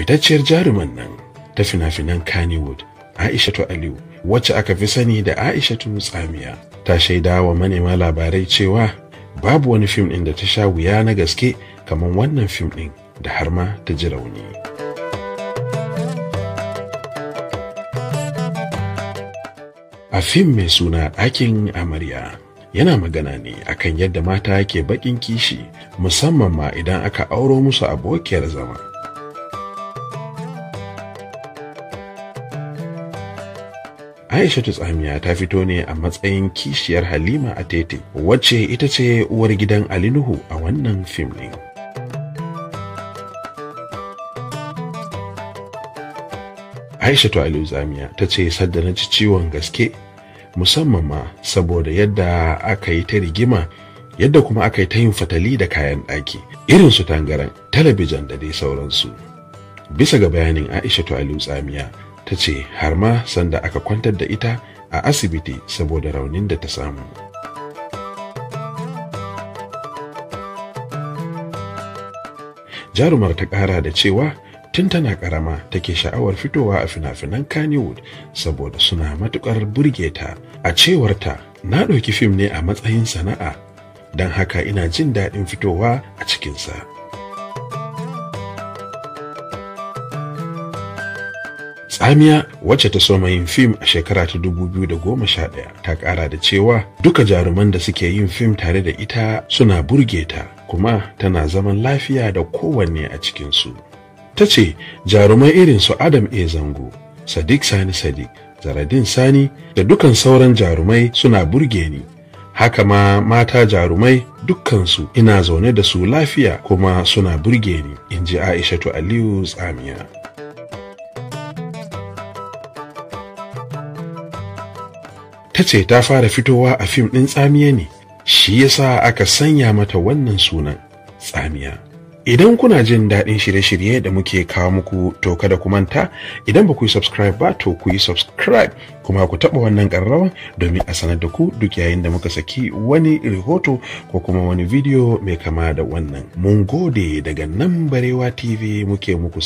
fitacciyar jaruman nan ta fina-finan Kannywood, Aishatu Aliyu, wacce aka fi sani da Aishatu Tsamiya, ta shaida wa manema labarai cewa babu wani fim ɗin da ta sha wuya na gaske kamar wannan fim ɗin da har ma ta ji rauni. A fim mai suna ɗakin amarya yana magana ne akan yadda mata ke baƙin kishi musamman ma idan aka auro musu abokiyar zama. Aishatu Tsamiya ta fito ne a matsayin kishiyar Halima a Tete, wacce ita ce uwar gidan Ali Nuhu a wannan fim ɗin. Aishatu Aliyu Tsamiya ta ce sadda na ci ciwon gaske musamman ma saboda yadda aka yi ta rigima yadda kuma aka yi ta yin fatali da kayan ɗaki irin su tangaran talabijin da dai sauransu bisa ga bayanin aisha aliyu tsamiya ta ce har ma sanda aka kwantar da ita a asibiti saboda raunin da ta samu. Jarumar ta ƙara da cewa tun tana ƙarama take sha'awar fitowa a fina-finan Kannywood saboda suna matuƙar burge ta. A cewarta, na ɗauki fim ne a matsayin sana'a, don haka ina jin daɗin fitowa a cikinsa. Tsamiya wacce ta soma yin fim a shekara ta 2011 ta kara da cewa duka jaruman da suke yin fim tare da ita suna burge ta kuma tana zaman lafiya da kowanne a cikinsu. Ta ce jarumai irin su Adam A. Zango, Sadiq Sani Sadiq, Zaradin Sani da dukan sauran jarumai suna burge ni. Haka ma mata jarumai dukkansu ina zaune da su lafiya kuma suna burge ni, in ji Aishatu Aliyu Tsamiya. ta ce ta fara fitowa a fim ɗin tsamiya ne shi yasa aka sanya mata wannan sunan tsamiya idan kuna jin daɗin shirye-shirye da muke kawo muku to kada ku manta idan ba ku yi subscribe ba to ku yi subscribe kuma ku taɓa wannan ƙararrawa domin a sanar da ku duk yayin da muka saki wani rahoto ko kuma wani bidiyo mai kama da wannan mun gode daga nan barewa tv muke muku